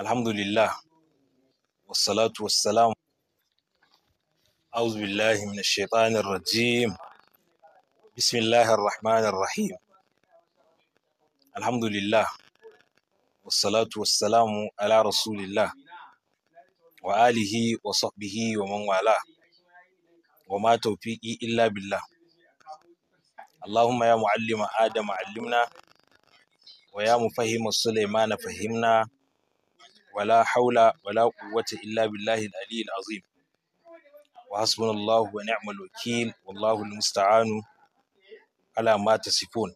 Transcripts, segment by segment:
alhamdulillah wassalatu wassalam auzubillahi min shaitanir rajim bismillahir rahmanir rahim alhamdulillah wassalatu wassalamu ala rasulillah wa alihi wa sahbihi wa man wala wa ma tawfiqi illa billah اللهم يا معلم آدم علمنا ويا مفهم سليمان فهمنا wala haula wala quwwata illa billahi al-ali al-azim wa hasbunallahu wa ni'mal wakil wallahu al-musta'anu ala ma tasifun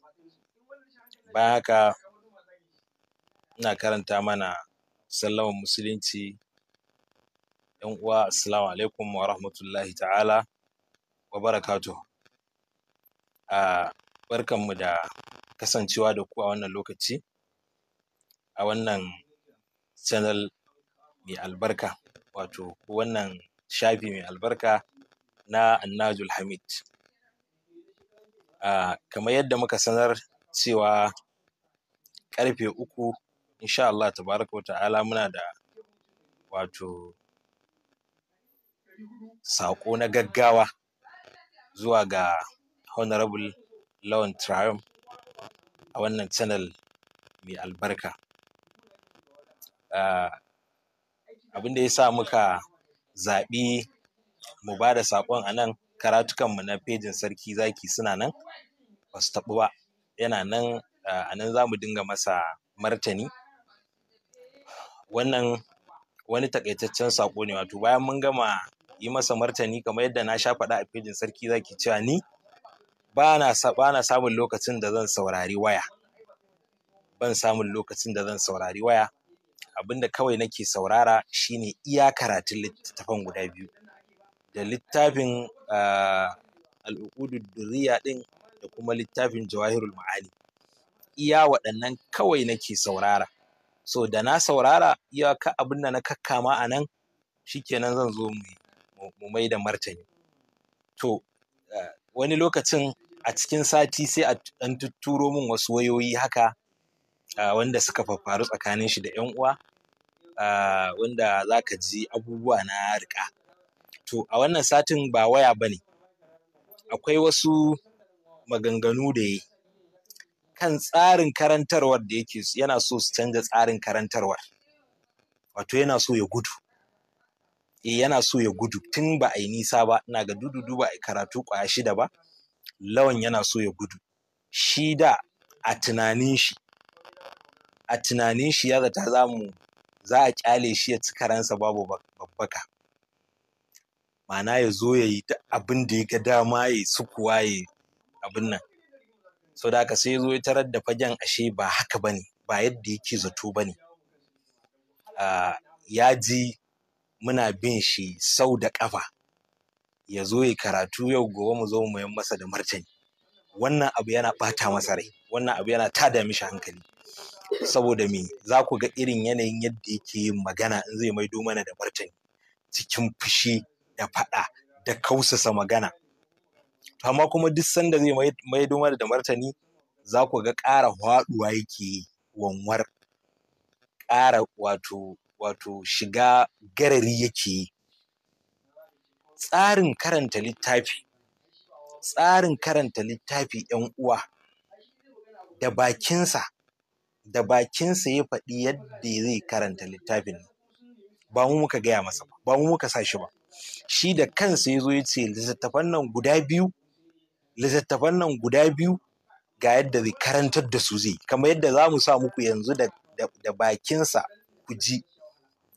bayan haka ina karanta mana sallaman musulunci yan uwa assalamu alaikum wa rahmatullahi ta'ala wa barakatuh a mu da kasancewa da ku a wannan lokaci a wannan channel mai albarka wato wannan shafi mai albarka na annajul hamid ah kamar yadda muka sanar cewa karfe uku insha Allah tabaraka ta'ala muna da wato saƙo na gaggawa zuwa ga honorable lawan triumph a wannan channel mai albarka Ah, abin da ya sa muka zaɓi mu ba da saƙon a nan karatukanmu na fejin sarki zaki suna nan ba su taɓu ba yana nan ah, a nan za mu dinga masa martani wannan wani takaitaccen saƙo ne wato bayan mun gama yi masa martani kamar yadda na sha faɗa a fejin sarki zaki cewa ni ba na samun lokacin da zan saurari waya samun lokacin da zan saurari waya abinda kawai nake saurara shine iya karatun littattafan guda biyu da littafin ah, al'ukudu duriya ɗin da kuma littafin jawahirul ma'ani iya waɗannan kawai nake saurara so da na saurara iyaka abin da na kakkama a nan shikenan zan zo mu mai da martani to ah, wani lokacin a cikin sati sai a ɗan tutturo min wasu wayoyi haka ah, wanda suka faffaru tsakanin shi da 'yan uwa Ah, wanda za ka ji abubuwa na riƙa to a wannan satin ba waya ba ne akwai wasu maganganu da yi kan tsarin karantarwar da yake yana so su canza tsarin karantarwar wato yana so ya gudu e yana so ya gudu tun ba a yi nisa ba ina ga dudu ba a yi karatu kwaya shida ba lawan yana so ya gudu shi da a tunanin shi a tunanin shi ya zata za mu za a kyale shi ya ci karansa babu babbaka ma'ana ya zo ya yi abin da ya ga dama ya su kuwa ya abin nan so da aka sai ya zo ya tarar da fagen ashe ba haka ba ne, ba yadda yake zato ba ne. ya ji muna bin shi sau da ƙafa ya zo ya karatu yau gobe mu zo mu yi masa da martani wannan abu yana ɓata masa rai wannan abu yana tada mishi hankali saboda me za ku ga irin yanayin yadda yake yin magana in zai maido mana da martani cikin fushi da faɗa da kausasa magana amma kuma duk sanda zai maido mana da martani za ku ga ƙara haɗuwa yake yi wanwar ƙara wato wato shiga garari yake yi tsarin karanta littafi tsarin karanta littafi ‘yan uwa da bakinsa da bakinsa ya faɗi yadda zai karanta littafin ba mu muka gaya masa ba ba mu muka sa shi ba shi da kansa ya zo ya ce littattafan nan guda biyu littattafan nan guda biyu ga yadda zai karantar da su zai kamar yadda za mu sa muku yanzu da, da bakinsa ku ji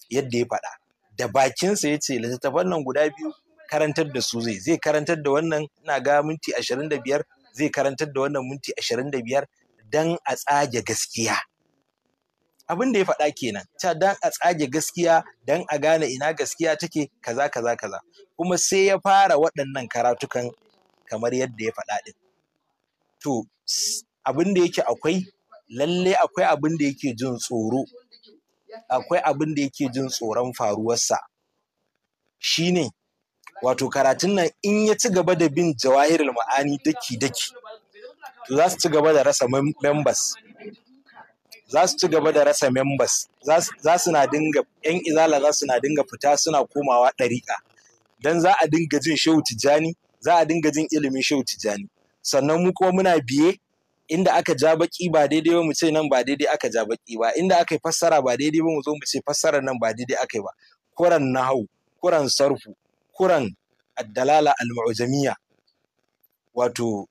yadda ya faɗa da bakinsa ya ce littattafan nan guda biyu karantar da su zai zai karantar da wannan ina ga minti ashirin da biyar zai karantar da wannan minti ashirin da biyar dan a tsage gaskiya abin da ya faɗa kenan ta dan a tsage gaskiya dan a gane ina gaskiya take kaza kaza kaza kuma sai ya fara waɗannan karatukan kamar yadda ya faɗa ɗin to abin da yake akwai lalle akwai abin da yake jin tsoro akwai abin da yake jin tsoron faruwarsa shine wato karatun nan in ya ci gaba da bin jawahirul ma'ani daki daki za su ci gaba da rasa members za su ci gaba da rasa members za su na dinga yan izala za su na dinga fita suna komawa ɗariƙa don za a dinga jin shehu tijjani za a dinga jin ilimin shehu tijjani sannan mu kuma muna biye inda aka ja baki ba daidai ba mu ce nan ba daidai aka ja baki ba inda aka yi fassara ba daidai ba mu zo mu ce fassarar nan ba daidai aka yi ba kuran nahau kuran sarfu kuran addalala al-mu'jamiyya wato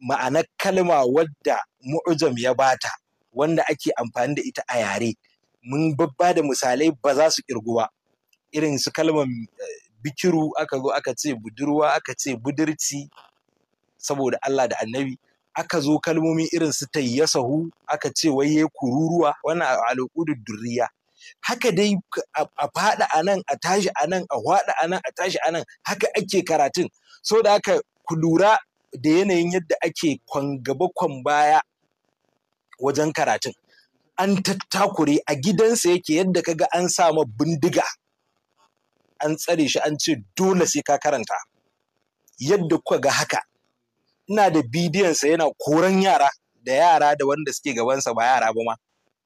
ma'anar kalma wadda mu'ujam ya bata wanda ake amfani da ita a yare mun babba da misalai ba za su kirgu ba irin su kalmar eh, bikiru aka zo aka ce budurwa aka ce budurci saboda Allah da annabi aka zo kalmomi irin su tayyasahu aka ce waye kururuwa wannan alƙudud durriya haka dai a faɗa anan, a tashi anan, a waɗa a a tashi anan, nan haka ake karatun so da haka ku lura da yanayin yadda ake kwangaba kwan baya wajen karatun an tattakure a gidansa yake yadda kaga an sama bindiga an tsare shi an ce dole sai ka karanta yadda kuka ga haka ina da bidiyonsa yana koran yara da yara da wanda suke gabansa ba yara ba ma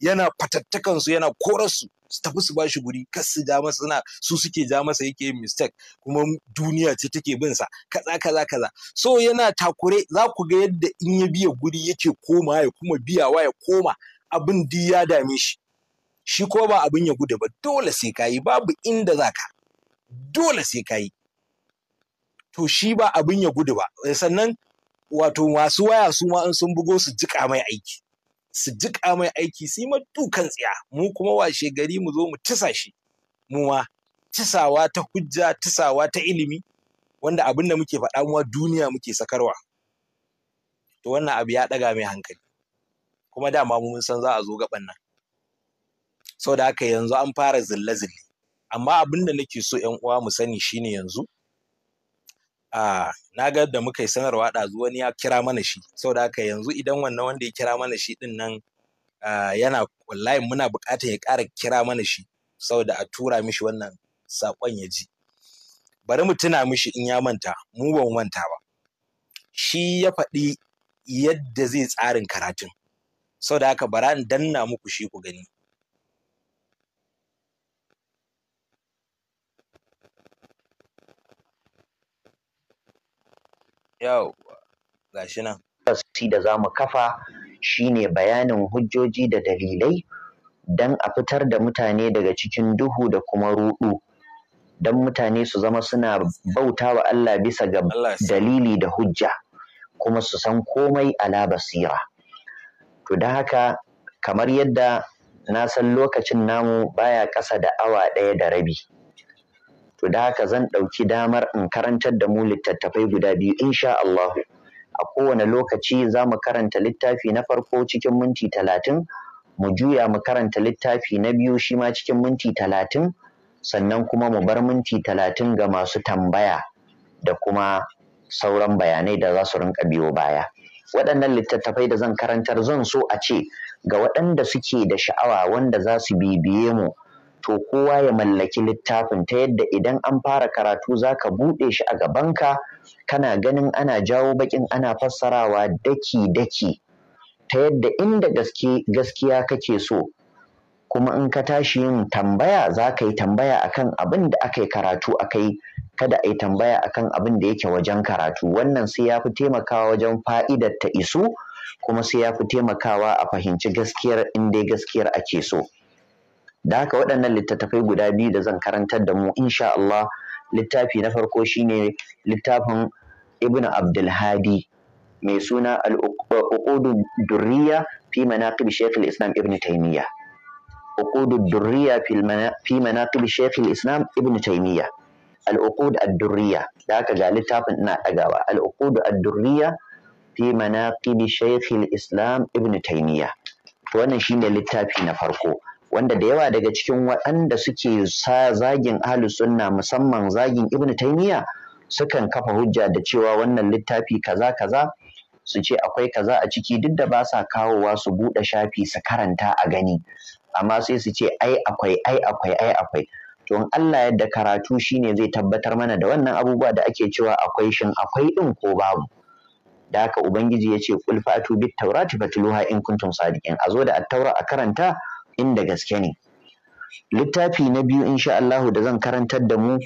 yana fatattakansu yana korarsu su tafi su bashi guri kar su ja masa suna su suke ja masa yake yin mistake kuma duniya ce take bin sa kaza kaza kaza so yana takure za ku ga yadda in ya biya guri yake koma ya kuma biyawa ya koma abin di ya dame shi shi ko ba abin ya gudu ba dole sai yi, babu inda zaka dole sai yi. to shi ba abin ya gudu ba sannan wato masu waya su ma in sun bugo su jika mai aiki su jiƙa mai aiki su yi tsiya mu kuma washe gari mu zo mu tisa shi mu ma tisawa ta hujja tisawa ta ilimi wanda abin da muke faɗa muwa duniya muke sakarwa to wannan abu ya ɗaga mai hankali kuma dama mun san za a zo gaban nan sau haka yanzu an fara zille-zille amma abin da nake so ‘yan uwa mu sani shine yanzu a ah, na ga da muka yi sanarwa da wani ya kira mana shi sau da haka yanzu idan wannan wanda ya kira mana shi din nan ah, yana wallahi muna buƙatar ya ƙara kira mana shi saboda a tura mishi wannan sakon ya ji bari mu tuna mishi in ya manta mu ban manta ba shi ya faɗi yadda zai tsarin karatun sau da haka bara in danna muku shi ku gani yawwa gashi nan tafsi da zamu kafa shine bayanin hujjoji da dalilai dan a fitar da mutane daga cikin duhu da kuma ruɗu dan mutane su zama suna bauta wa Allah bisa ga dalili da hujja kuma su san komai ala basira to da haka kamar yadda na san lokacin namu baya ƙasa da awa ɗaya da rabi to da haka zan ɗauki damar in karantar da mu littattafai guda biyu insha Allah a kowane lokaci za mu karanta littafi na farko cikin minti talatin mu juya mu karanta littafi na biyu shi ma cikin minti talatin sannan kuma mu bar minti talatin ga masu tambaya da kuma sauran bayanai da za su rinka biyo baya waɗannan littattafai da zan karantar zan so a ce ga waɗanda suke da sha'awa wanda za su bibiye mu to kowa ya mallaki littafin ta yadda idan an fara karatu za ka buɗe shi a gabanka kana ganin ana jawo baƙin ana fassarawa daki-daki ta yadda inda gaskiya kake so kuma in ka tashi yin tambaya za ka yi tambaya akan abin da aka yi karatu a kai kada a yi tambaya akan abin da yake wajen karatu wannan sai ya fi taimakawa wajen fa'idar ta isu kuma sai ya fi taimakawa a fahimci gaskiyar inda gaskiyar ake so. da haka waɗannan littattafai guda biyu da zan karantar da mu insha Allah littafi na farko shine littafin Ibn Abdulhadi mai suna Al-Uqudud Durriya fi manaqib Sheikh al-Islam Ibn Taymiyyah Uqudud Durriya fi manaqib Sheikh al-Islam Ibn Taymiyyah Al-Uqud Ad-Durriya da haka ga littafin ina ɗagawa Al-Uqud Ad-Durriya fi manaqib Sheikh al-Islam Ibn Taymiyyah to wannan shine littafi na farko wanda da yawa daga cikin waɗanda suke sa zagin ahlu sunna musamman zagin ibn taymiya sukan kafa hujja da cewa wannan littafi kaza kaza su ce akwai kaza a ciki duk da ba sa kawowa su buɗe shafi su karanta a gani amma sai su ce ai akwai ai akwai ai akwai to in Allah yadda karatu shine zai tabbatar mana da wannan abubuwa da ake cewa akwai shin akwai din ko babu da haka ubangiji yace ce qul bit tawrati fatluha in kuntum sadiqin a zo da at-taura a karanta inda gaske ne littafi na biyu insha Allahu da zan karantar da mu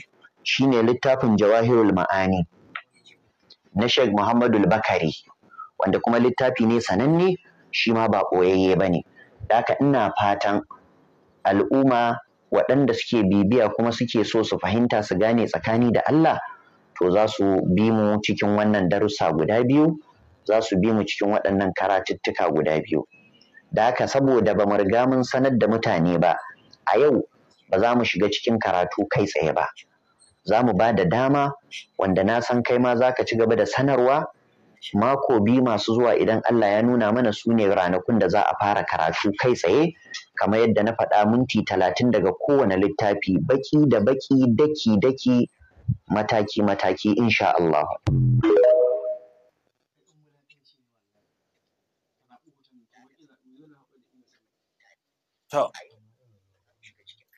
shine littafin jawahirul ma'ani na Sheikh Muhammadul Bakari wanda kuma littafi ne sananne shi ma ba ɓoyayye ba ne ina fatan al'umma waɗanda suke bibiya kuma suke so su fahimta su gane tsakani da Allah to za su bi mu cikin wannan darussa guda biyu za su bi mu cikin waɗannan karatuttuka guda biyu da haka saboda ba mu riga mun sanar da mutane ba a yau ba za mu shiga cikin karatu kai tsaye ba za mu ba da dama wanda na san kai ma za ka ci gaba da sanarwa mako biyu masu zuwa idan Allah ya nuna mana su ne ranakun da za a fara karatu kai tsaye kamar yadda na faɗa minti talatin daga kowane littafi baki da baki daki daki mataki mataki insha Allah. To,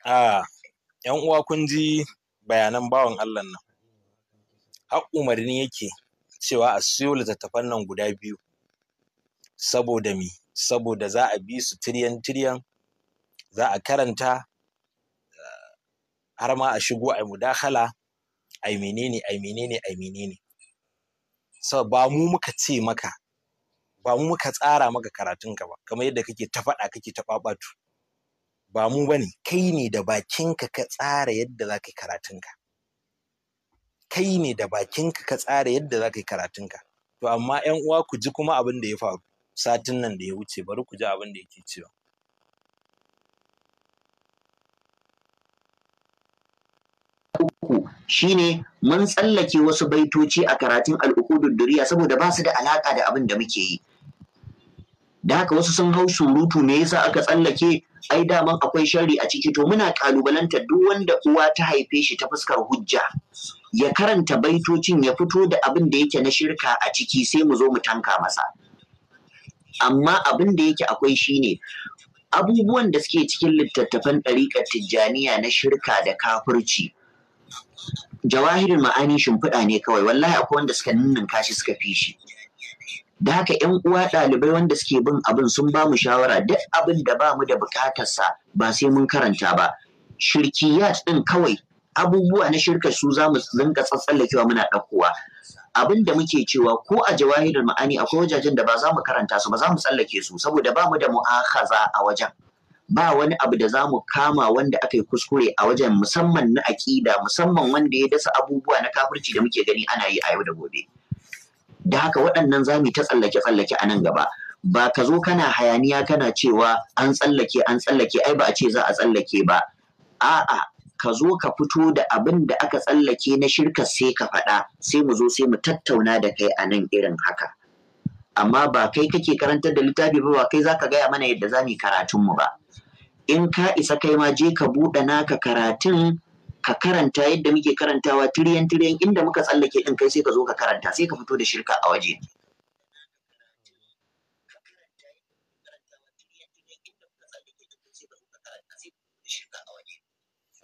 a ‘yan uwa kun ji bayanan bawan Allah nan, har umarni yake cewa a siyo littattafan nan guda biyu, saboda mi, saboda za a bi su tiryan-tiryan, za a karanta eh, har ma a shigo a mudakala, a menene, a menene, a menene. So, ba mu muka ce maka, ba mu muka tsara maka karatunka ba, kamar yadda kake ta faɗa kake ta ɓaɓatu. ba mu bane kai ne da bakinka ka tsara yadda za ka yi karatunka kai ne da bakinka ka tsara yadda za ka yi karatunka to amma yan uwa ku ji kuma abin da ya faru satin nan da ya wuce bari ku ji abin da yake cewa uku shine mun tsallake wasu baitoci a karatun al'ukudun duriya saboda ba su da alaka da abin da muke yi da haka wasu sun hau surutu me yasa aka tsallake ai daman akwai sharri a ciki to muna kalubalantar duk wanda uwa ta haife shi ta fuskar hujja ya karanta baitocin ya fito da abin da yake na shirka a ciki sai mu zo mu tanka masa amma abin da yake akwai shine abubuwan da suke cikin littattafan ɗariƙar tijjaniya na shirka da kafirci jawahirin ma'ani shimfiɗa ne kawai wallahi akwai wanda suka ninninka shi suka fi shi da haka yan uwa ɗalibai wanda suke bin abin sun ba mu shawara duk abin da ba mu da bukatarsa ba sai mun karanta ba shirkiyat ɗin kawai abubuwa na shirka su za mu rinka tsatsallakewa muna ɗaukowa abin da muke cewa ko a jawahirul ma'ani akwai wajajen da ba za mu karanta su ba za mu tsallake su saboda ba mu da mu'akhaza a wajen ba wani abu da za mu kama wanda aka yi kuskure a wajen musamman na aƙida musamman wanda ya dasa abubuwa na kafirci da muke gani ana yi a yau da gobe. da haka waɗannan za mu ta tsallake-tsallake a nan gaba ba ka zo kana hayaniya kana cewa an tsallake an tsallake ai ba a ce za a tsallake ba a'a ka zo ka fito da abin da aka tsallake na shirka sai ka faɗa sai mu zo sai mu tattauna da kai a nan irin haka amma ba kai kake karantar da littafi ba ba kai za ka gaya mana yadda za mu yi karatunmu ba in ka isa kai ma je ka buɗe naka karatun ka karanta yadda muke karantawa tiriyan tiriyan inda muka tsallake din kai sai ka zo ka karanta sai ka fito da shirka a waje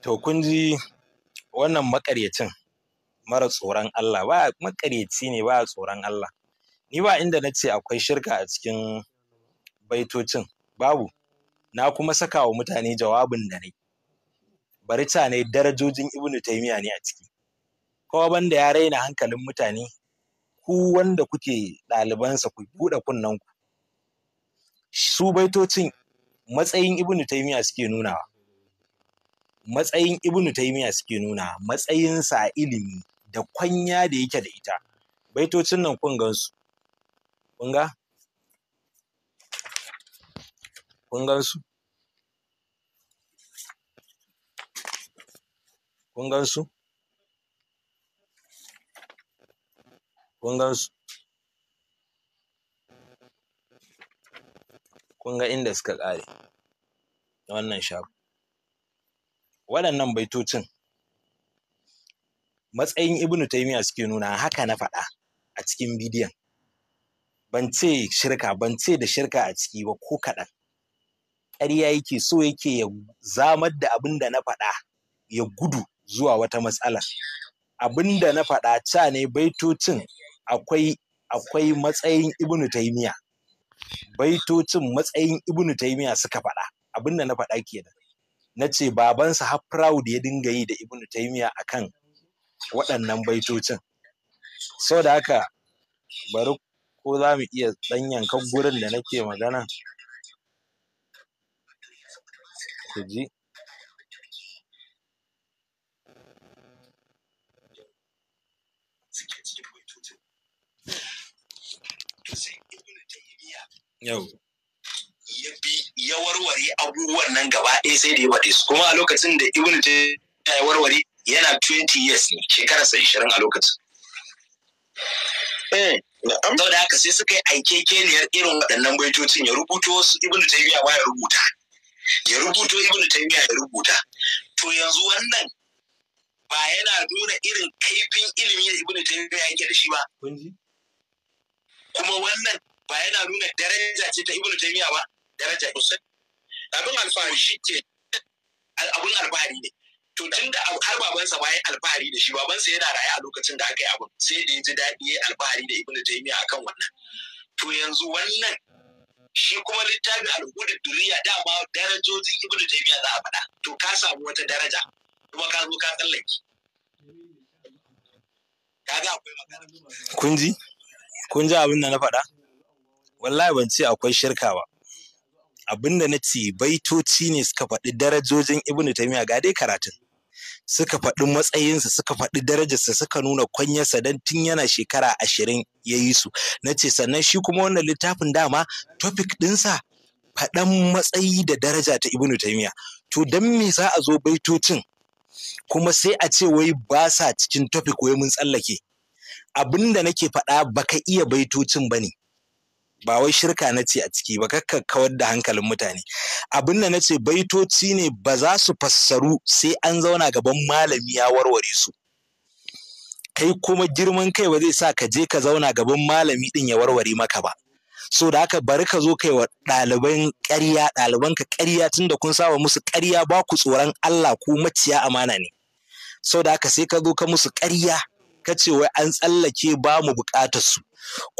to kun ji wannan makaryacin mara tsoron Allah ba makaryaci ne ba tsoron Allah ni ba inda na ce akwai shirka a cikin baitocin babu na kuma saka wa mutane jawabin da nake barica ne darajojin ibnu taymiya ne a ciki kowa banda ya raina hankalin mutane ku wanda kuke ɗalibansa ku buɗe kunnan ku su baitocin matsayin ibnu taymiya suke nuna matsayin ibnu taymiya suke nuna matsayinsa a ilimi da kwanya da yake da ita baitocin nan kun gansu kun ga kun gansu kun gan su kun gan su kun ga inda suka ƙare na wannan shago waɗannan baitocin matsayin ibnu taimiya suke nuna haka na faɗa a cikin bidiyon ban ce shirka ban ce da shirka a ciki ba ko kaɗan ƙarya yake so yake ya zamar da abin da na faɗa ya gudu zuwa wata matsala abinda na faɗa ca ne baitocin akwai akwai matsayin ibnu taymiya baitocin matsayin ibnu taymiya suka faɗa abinda na faɗa kenan na ce babansa har proud ya dinga yi da ibnu taimiya akan waɗannan baitocin sau da haka bari ko za mu iya ɗanyen gurin da nake magana ku ya bi ya warware abubuwan nan gaba ɗaya sai da ya faɗe su kuma a lokacin da ibn ya warware yana 20 years ne shekararsa 20 a lokacin eh, Sau da haka sai suka yi aikekeniyar irin waɗannan baitocin ya rubuto su ibn taymiya ma ya rubuta ya rubuto ibn taymiya ya rubuta to yanzu wannan ba yana nuna irin kaifin ilimi da ibn taymiya yake da shi ba kuma wannan ba yana nuna daraja ce ta Ibn taymiya ba daraja kusan abin alfahari shi ce abun alfahari ne to tun da har babansa ba yi alfahari da shi babansa yana raye a lokacin da aka yi abun sai da ya ji daɗi ya alfahari da Ibn taymiya akan wannan to yanzu wannan shi kuma littafin al'udud duriya dama darajojin Ibn taymiya za a faɗa to ka samu wata daraja kuma ka zo ka tsallake kaga akwai magana kun ji kun ji abin da na faɗa wallahi ban ce akwai shirka ba abinda na ce baitoci ne suka faɗi darajojin ibnu taymiya ga dai karatun suka faɗi matsayinsa suka faɗi darajarsa suka nuna kwanyarsa don tun yana shekara ashirin ya yi su na ce sannan shi kuma wannan littafin dama topic ɗinsa faɗan matsayi da daraja ta ibnu taymiya to don me za a zo baitocin kuma sai a ce wai ba sa cikin topic wai mun tsallake Abinda da nake faɗa baka iya baitocin ba ne ba wai shirka na ce a ciki ba kakka kawar da hankalin mutane abin da na ce baitoci ne ba za su fassaru sai an zauna gaban malami ya warware su kai kuma girman kai ba zai sa ka je ka zauna gaban malami din ya warware maka ba so da haka bari ka zo kai wa ɗaliban ƙarya ɗaliban ka ƙarya tunda kun saba musu ƙarya ba ku tsoron Allah ko maciya amana ne so da haka sai ka zo ka musu ƙarya ka ce wai an tsallake ba mu buƙatar su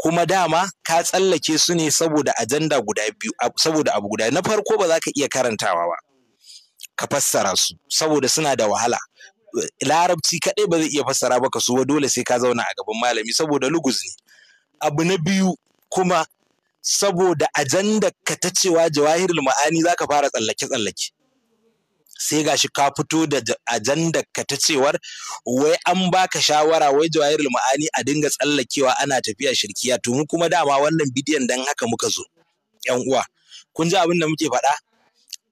kuma dama ka tsallake su ne saboda ajanda guda biyu saboda abu guda na farko ba za ka iya karantawa ba ka fassara su saboda suna da wahala larabci kaɗai ba zai iya fassara ba ka so dole sai ka zauna a gaban malami saboda lugus ne abu na biyu kuma saboda ajanda ka ta cewa jawahirul ma'ani za ka fara tsallake-tsallake sai ga shi ka fito da ajanda ka ta cewar wai an baka shawara wai jawahir ma'ani a dinga tsallakewa ana tafiya shirkiya to mu kuma dama wannan bidiyon dan haka muka zo yan uwa kun ji abin da muke faɗa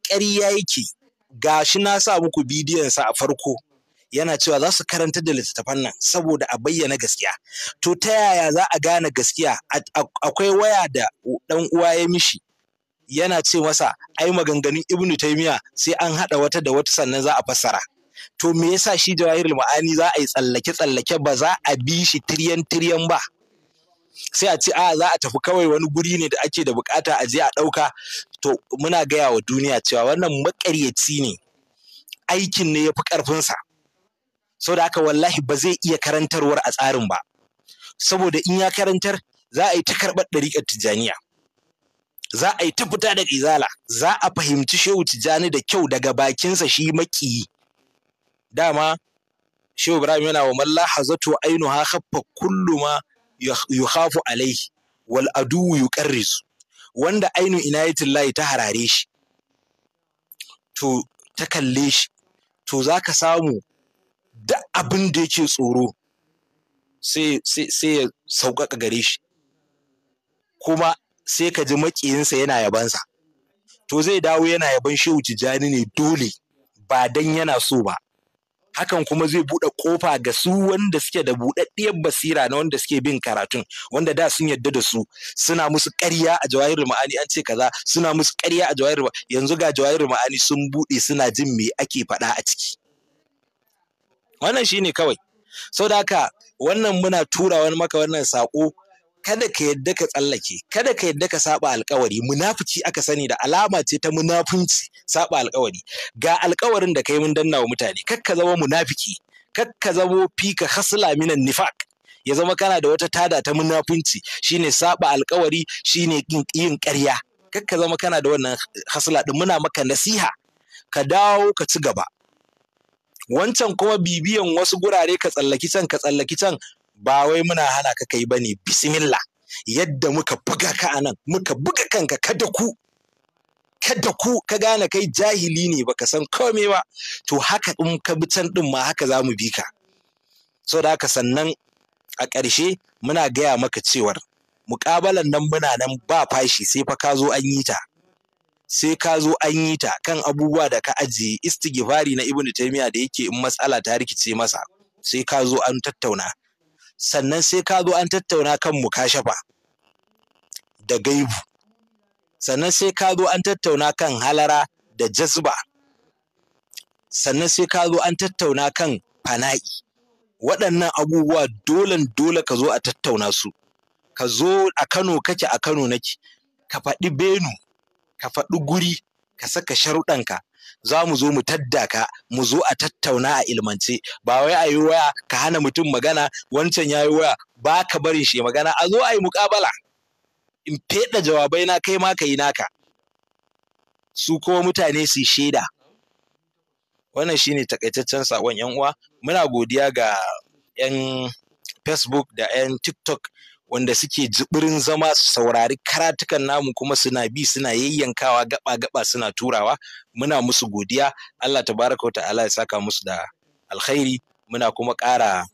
ƙarya yake shi na sa muku bidiyon sa a farko yana cewa za su karanta da littattafan nan saboda a bayyana gaskiya to ta yaya za a gane gaskiya akwai waya da dan uwa ya mishi yana ce masa ai maganganun ibnu taymiya sai an hada wata da wata sannan za a fassara to me yasa shi jawahirul ma'ani za a yi tsallake tsallake ba za a bi shi tiryan tiryan ba sai a ce a za a tafi kawai wani guri ne da ake da bukata a je a dauka to muna gaya wa duniya cewa wannan makaryaci ne aikin ne ya fi karfinsa saboda haka wallahi ba zai iya karantarwar a tsarin ba saboda in ya karantar za a yi ta karɓar ɗariƙar tijjaniya za a yi ta fita da izala za a fahimci shehu tijjani da kyau daga bakinsa shi makiyi dama shehu ibrahim yana wa malla hazatu ainu ha khaffa kullu ma yukhafu alaihi wal adu karrisu. wanda ainu inayatin layi ta harare shi to ta kalle shi to za ka samu da abin da yake tsoro sai ya sauƙaƙa gare shi kuma sai ka ji maƙiyinsa yana yabansa to zai dawo yana yaban shehu tijjani ne dole ba dan yana so ba hakan kuma zai buɗe ƙofa ga su wanda suke da buɗaɗɗiyar basira na wanda suke bin karatun wanda da sun yarda da su suna musu ƙarya a jawahir ma'ani an ce kaza suna musu ƙarya a jawahir yanzu ga jawahir ma'ani sun buɗe suna jin me ake faɗa a ciki wannan shi ne kawai sau da haka wannan muna tura wani maka wannan saƙo kada ka yadda ka tsallake kada ka yadda ka saba alkawari munafici aka sani da alama ce ta munafunci saba alkawari ga alkawarin da kai mun danna wa mutane kakka zama munafiki kakka zama fika hasla minan nifaq ya zama kana da wata tada ta munafunci shine saba alkawari shine yin ƙarya kakka zama kana da wannan hasla din muna maka nasiha ka dawo ka ci gaba wancan kuma bibiyan wasu gurare ka tsallaki can ka tsallaki can ba wai muna hana ka kai bane bismillah yadda muka buga ka anan muka buga kanka kada ku kada ku ka gane kai jahili ne baka san komai ba to haka in ka bi can din ma haka za mu bi ka so da haka sannan a ƙarshe muna gaya maka cewar muƙabalan nan muna nan ba fashi sai fa ka zo an yi ta sai ka zo an yi ta kan abubuwa da ka ajiye istighfari na ibnu taymiya da yake in matsala ta rikice masa sai ka zo an tattauna sannan sai ka zo an tattauna kan mukashafa da gaibu sannan sai ka zo an tattauna kan halara da jazba sannan sai ka zo an tattauna kan fana'i waɗannan abubuwa dole dole ka zo a tattauna su ka zo a kano kake a kano nake ka faɗi benu ka faɗi guri ka saka sharuɗanka za mu zo mu taddaka, mu zo a tattauna a ilmance ba wai a yi waya ka hana mutum magana wancan ya yi waya ba ka barin shi magana a zo a yi muƙabala in feɗa jawabai na kai ma ka yi naka su kuma mutane su shaida wannan shine takaitaccen saƙon yan uwa muna godiya ga yan facebook da yan tiktok wanda suke jibirin zama su saurari karatukan namu kuma suna bi suna yayyankawa gaba-gaba suna turawa muna musu godiya Allah tabaraka ta'ala ya saka musu da alkhairi muna kuma ƙara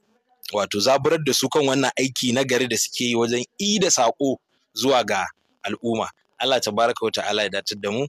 wato zaburar da su kan wannan aiki na gari da suke yi wajen i da saƙo zuwa ga al'umma Allah tabaraka ta'ala ya datar da mu